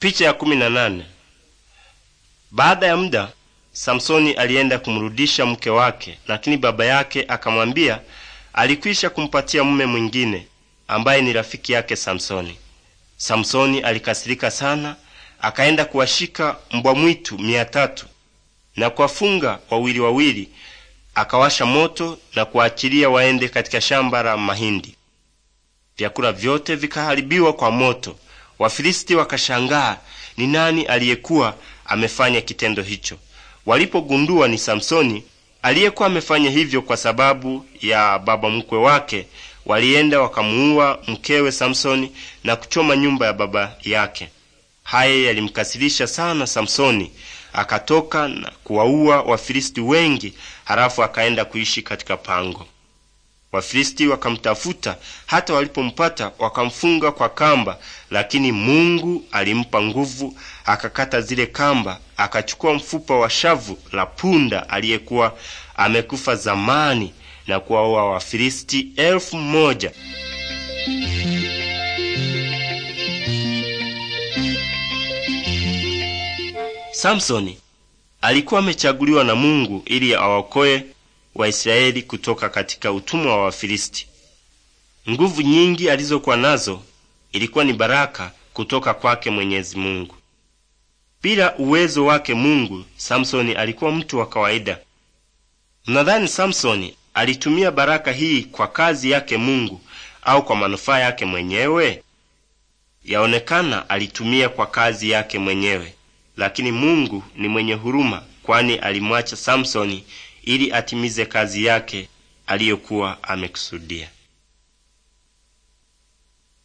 Picha ya kumi na nane. Baada ya muda Samsoni alienda kumrudisha mke wake, lakini baba yake akamwambia alikwisha kumpatia mume mwingine ambaye ni rafiki yake Samsoni. Samsoni alikasirika sana, akaenda kuwashika mbwa mwitu mia tatu na kuwafunga wawili wawili, akawasha moto na kuwaachilia waende katika shamba la mahindi. Vyakula vyote vikaharibiwa kwa moto. Wafilisti wakashangaa ni nani aliyekuwa amefanya kitendo hicho. Walipogundua ni Samsoni aliyekuwa amefanya hivyo kwa sababu ya baba mkwe wake, walienda wakamuua mkewe Samsoni na kuchoma nyumba ya baba yake. Haya yalimkasirisha sana Samsoni, akatoka na kuwaua Wafilisti wengi, halafu akaenda kuishi katika pango. Wafilisti wakamtafuta hata walipompata wakamfunga kwa kamba, lakini Mungu alimpa nguvu, akakata zile kamba, akachukua mfupa wa shavu la punda aliyekuwa amekufa zamani na kuwaua Wafilisti elfu moja. Samsoni alikuwa amechaguliwa na Mungu ili awaokoe Waisraeli kutoka katika utumwa wa Wafilisti. Nguvu nyingi alizokuwa nazo ilikuwa ni baraka kutoka kwake Mwenyezi Mungu. Bila uwezo wake Mungu, Samsoni alikuwa mtu wa kawaida. Mnadhani Samsoni alitumia baraka hii kwa kazi yake Mungu au kwa manufaa yake mwenyewe? Yaonekana alitumia kwa kazi yake mwenyewe, lakini Mungu ni mwenye huruma, kwani alimwacha Samsoni ili atimize kazi yake aliyokuwa amekusudia.